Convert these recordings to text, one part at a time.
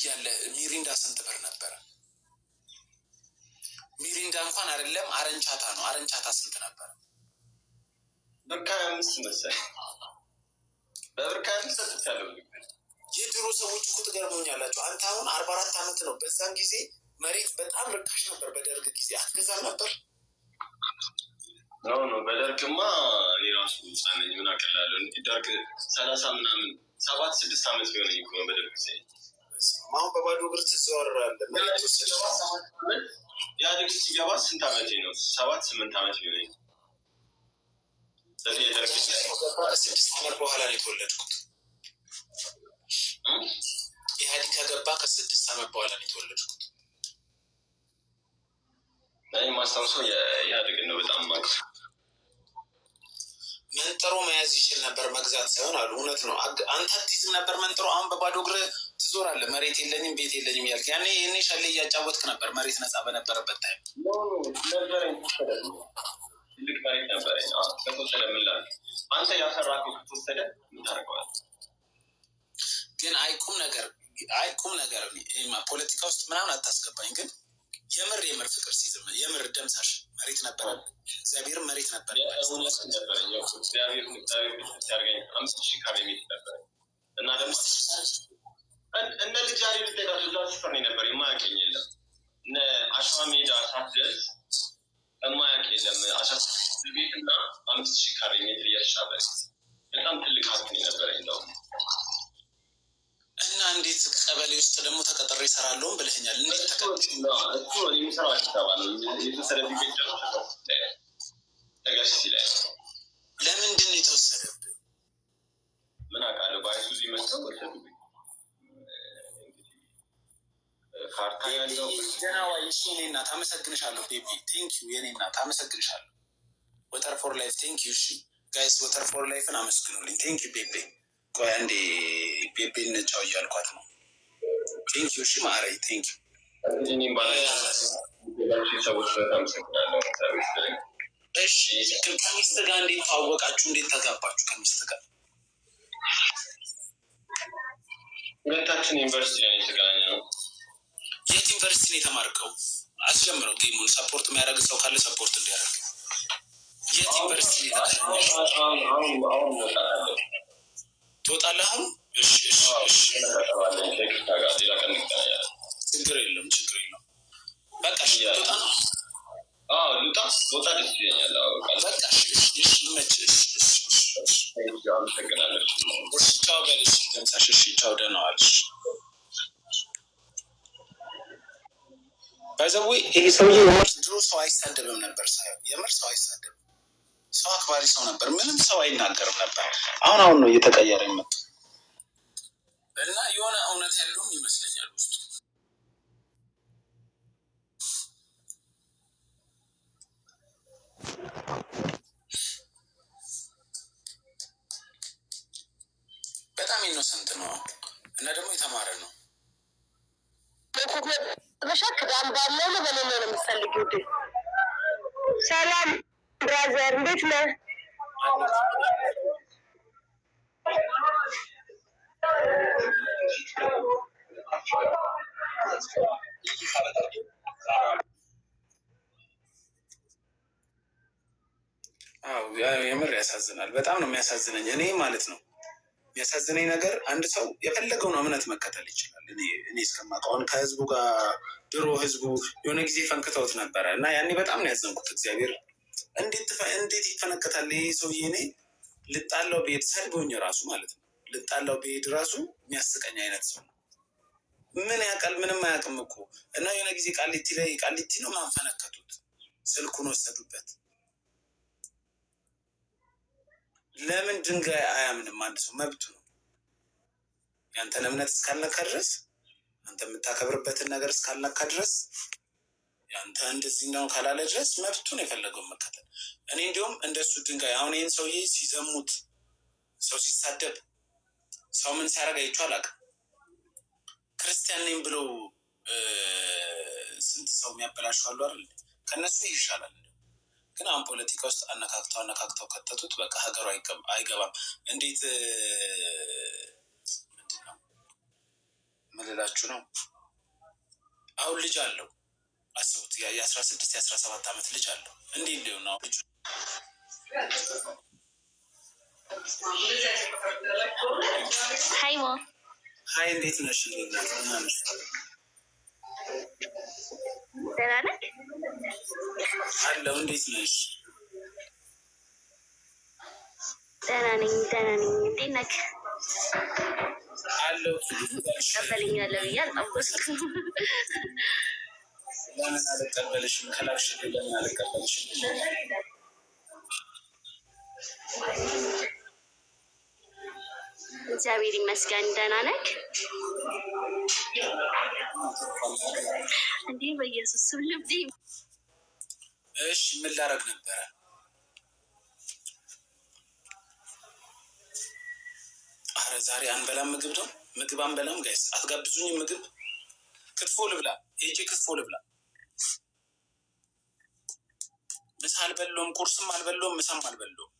እያለ ሚሪንዳ ስንት ብር ነበረ? ሚሪንዳ እንኳን አይደለም አረንቻታ ነው። አረንቻታ ስንት ነበረ? ብር አምስት መሰለኝ። በብር ከሀያ አምስት የድሮ ሰዎች እኮ ትገርሙኛላችሁ። አንተ አሁን አርባ አራት ዓመት ነው። በዛን ጊዜ መሬት በጣም ርካሽ ነበር። በደርግ ጊዜ አትገዛም ነበር? ነው ነው። በደርግማ የራሱ እራሱ ምን አቀላለሁ ደርግ ሰላሳ ምናምን ሰባት ስድስት ዓመት ቢሆነኝ ነው በደርግ ጊዜ አሁን በባዶ እግር ትዘዋወራለህ። ኢህአዴግ ሲገባ ስንት ዓመት ነው? ሰባት ስምንት ዓመት ቢሆነኝ ስድስት ዓመት በኋላ ነው የተወለድኩት። ኢህአዴግ ከገባ ከስድስት ዓመት በኋላ ነው የተወለድኩት። እኔ ማስታውሰው የኢህአዴግን ነው በጣም ማለት መንጥሮ መያዝ ይችል ነበር፣ መግዛት ሳይሆን አሉ። እውነት ነው። አንተ አትይዝም ነበር መንጥሮ። አሁን በባዶ እግር ትዞራለህ። መሬት የለኝም ቤት የለኝም ያልክ ያኔ እኔ ሻሌ እያጫወትክ ነበር፣ መሬት ነፃ በነበረበት ታይም ትልቅ መሬት ነበረ። ከተወሰደ ምን ላድርግ? አንተ ያፈራከው ከተወሰደ ምን ታደርገዋለህ? ግን አይቁም ነገር አይቁም ነገር ፖለቲካ ውስጥ ምናምን አታስገባኝ ግን የምር የምር ፍቅር ሲዝም የምር ደምሳሽ መሬት ነበረ። እግዚአብሔር መሬት ነበረ። እነ ልጅ ያሪ ብትሄዳት እዛ ስፈር ነበር። የማያውቀኝ የለም። እነ አሸዋ ሜዳ ሳትደርስ የማያውቅ የለም። አስራ ስድስት ቤት እና አምስት ሺህ ካሬ ሜትር እያሻበ በጣም ትልቅ ሀብት ነበረ እንደውም እና እንዴት ቀበሌ ውስጥ ደግሞ ተቀጥሬ ይሰራለሁም ብለኸኛል። እንዴት ለምንድን ነው የተወሰደብህ? ምን አውቃለሁ። በአይሱዚ መጥተው ካርታ ያለው ገና ዋይሱ የኔ እናት አመሰግንሻለሁ። ቤቢ ቴንክ ዩ የኔ እናት አመሰግንሻለሁ። ወተር ፎር ላይፍ ቴንክ ዩ። እሺ ጋይስ ወተር ፎር ላይፍን አመስግኑልኝ። ቴንክ ዩ ቤቢ ቆይ አንዴ ቤቤ ነጫው እያልኳት ነው። ቴንክ ዩ እሺ፣ ማሬ ቴንክ እሺ ከሚስት ጋር እንዴት ታወቃችሁ? እንዴት ተጋባችሁ? ከሚስት ጋር ሁለታችን ዩኒቨርሲቲ ላይ የተገናኘ የት ዩኒቨርሲቲ ነው የተማርከው? አስጀምረው። ጌሙን ሰፖርት የሚያደርግ ሰው ካለ ሰፖርት እንዲያደርግ የት ዩኒቨርሲቲ ነው የተገናኘ? ትወጣለህ አሉ። እሺ እሺ እሺ፣ ችግር የለም ችግር የለም። በቃ እሺ፣ ትወጣ ነው ይሄ ሰውዬ የምር ድሮ ሰው አይሳደብም ነበር። የምር ሰው አይሳደብም ሰው አክባሪ ሰው ነበር። ምንም ሰው አይናገርም ነበር። አሁን አሁን ነው እየተቀየረ ይመጡ እና የሆነ እውነት ያለውም ይመስለኛል ውስጡ በጣም ኢኖሰንት ነው እና ደግሞ የተማረ ነው። በሻክ ዳም ነው በሌለው ነው የምትፈልጊው ሰላም ብራዘር እንዴት ነህ? የምር ያሳዝናል። በጣም ነው የሚያሳዝነኝ። እኔ ማለት ነው የሚያሳዝነኝ ነገር አንድ ሰው የፈለገውን እምነት መከተል ይችላል። እኔ እስከማውቀውን ከህዝቡ ጋር ድሮ ህዝቡ የሆነ ጊዜ ፈንክተውት ነበረ እና ያኔ በጣም ነው ያዘንኩት። እግዚአብሔር እንዴት እንዴት ይፈነከታል ይሄ ሰውዬ? እኔ ልጣላው ብሄድ ሰድቦኝ ራሱ ማለት ነው ልጣላው ብሄድ ራሱ የሚያስቀኝ አይነት ሰው ምን ያውቃል? ምንም አያውቅም እኮ እና የሆነ ጊዜ ቃሊቲ ላይ ቃሊቲ ነው ማንፈነከቱት፣ ስልኩን ወሰዱበት። ለምን ድንጋይ አያምንም? አንድ ሰው መብቱ ነው። ያንተን እምነት እስካልነካ ድረስ አንተ የምታከብርበትን ነገር እስካልነካ ድረስ ያንተ እንደዚህ ነው ካላለ ድረስ መብቱን የፈለገው መከተል። እኔ እንዲሁም እንደሱ ድንጋይ አሁን ይህን ሰውዬ ሲዘሙት፣ ሰው ሲሳደብ፣ ሰው ምን ሲያደርግ አይቼው አላውቅም። ክርስቲያን ነኝ ብለው ስንት ሰው የሚያበላሹ አሉ አይደል? ከእነሱ ይሻላል። ግን አሁን ፖለቲካ ውስጥ አነካክተው አነካክተው ከተቱት። በቃ ሀገሩ አይገባም። እንዴት ምንድን ነው ነው? አሁን ልጅ አለው አስቡት የአስራ ስድስት የአስራ ሰባት ዓመት ልጅ አለው። እንዲህ እንዲሁ ነው ልጁ ሀይ፣ እንዴት ነሽ? ደህና እንዴት ነሽ? ደህና ነኝ፣ ደህና ነኝ። እንዴት ነህ አለው። ቀበለኛለሁ እያል ለምን አልቀበልሽም? ከላክሽ ለምን አልቀበልሽም? እግዚአብሔር ይመስገን ደህና ነህ? በኢየሱስ ልብ። እሺ ምን ነበረ? አረ ዛሬ አንበላም ምግብ ነው። ምግብ አንበላም ጋይስ፣ አትጋብዙኝም ምግብ። ክትፎ ልብላ፣ ሄጄ ክትፎ ልብላ ምሳ አልበለውም፣ ቁርስም አልበለውም፣ ምሳም አልበለውም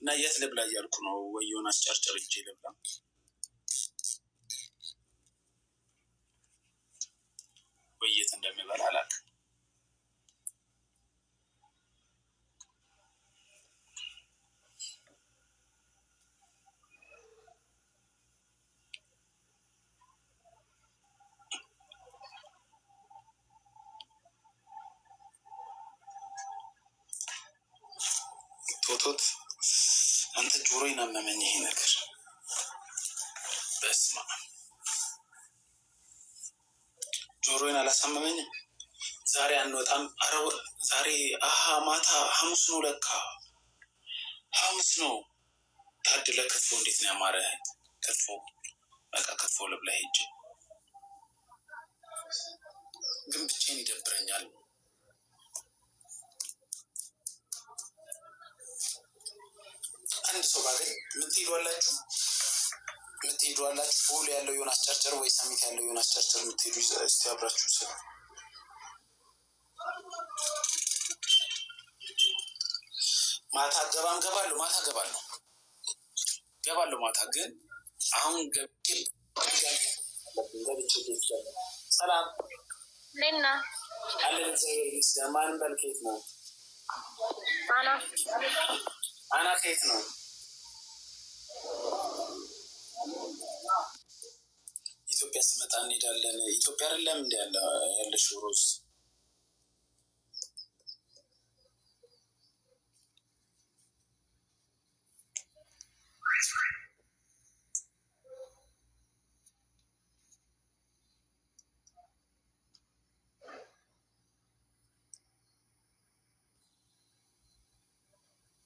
እና የት ልብላ እያልኩ ነው። ወይ አስጨርጭር ጨርጭር እንጂ ልብላ ወይ የት እንደሚበላ አላውቅም። ቶቶት አንተ ጆሮ ይናመመኝ ይሄ ነገር በስማ ጆሮዬን አላሳመመኝም። ዛሬ አንወጣም። አረ ዛሬ አሀ ማታ ሐሙስ ነው ለካ ሐሙስ ነው። ታድለ ክትፎ እንዴት ነው ያማረ ክትፎ። በቃ ክትፎ ልብላ ሄጅ ግን ብቻዬን ይደብረኛል። አገኝ የምትሄዱ አላችሁ ቦሌ ያለው የሆነ አስቸርቸር ወይ ሰሚት ያለው የሆነ አስቸርቸር የምትሄዱ እስቲ አብራችሁ ስለ ማታ ገባም ገባለሁ ማታ ገባለሁ ገባለሁ ማታ ግን አሁን ገብቼ ሰላም ሌና አለን እግዚአብሔር ይመስገን። ማን በል ነው አና አና ከየት ነው ስመጣ እንሄዳለን። ኢትዮጵያ አይደለም እንዲ ያለሽ ሮዝ